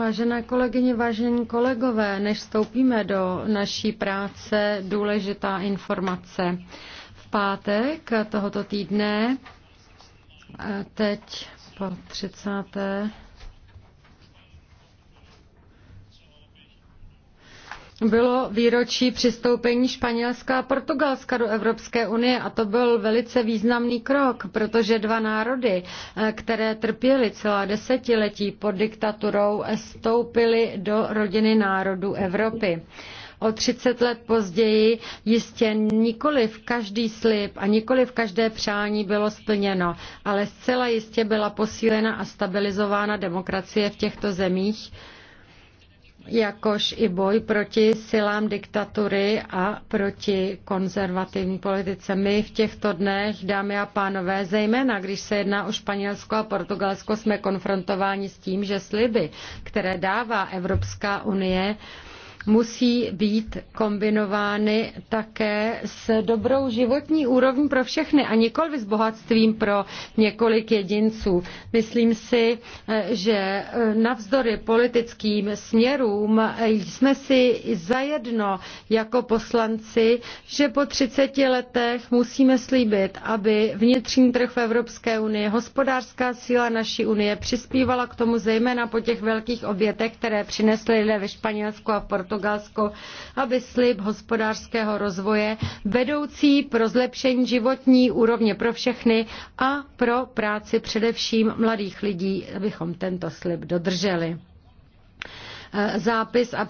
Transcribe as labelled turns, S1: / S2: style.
S1: Vážené kolegyně, vážení kolegové, než vstoupíme do naší práce, důležitá informace. V pátek tohoto týdne, teď po 30. bylo výročí přistoupení Španělska a Portugalska do Evropské unie a to byl velice významný krok, protože dva národy, eh, které trpěly celá desetiletí pod diktaturou, vstoupily do rodiny národů Evropy o 30 let později jistě nikoli v každý slib a nikoli v každé přání bylo splněno, ale zcela jistě byla posílena a stabilizována demokracie v těchto zemích jakož i boj proti silám diktatury a proti konzervativní politice. My v těchto dnech, dámy a pánové, zejména když se jedná o Španělsko a Portugalsko, jsme konfrontováni s tím, že sliby, které dává Evropská unie, musí být kombinovány také s dobrou životní úrovní pro všechny a nikoli s bohatstvím pro několik jedinců. Myslím si, že navzdory politickým směrům jsme si zajedno jako poslanci, že po 30 letech musíme slíbit, aby vnitřní trh v Evropské unii, hospodářská síla naší unie přispívala k tomu zejména po těch velkých obětech, které přinesly lidé ve Španělsku a v Portugalsku Portugalsko, aby slib hospodářského rozvoje vedoucí pro zlepšení životní úrovně pro všechny a pro práci především mladých lidí, abychom tento slib dodrželi e, zápis a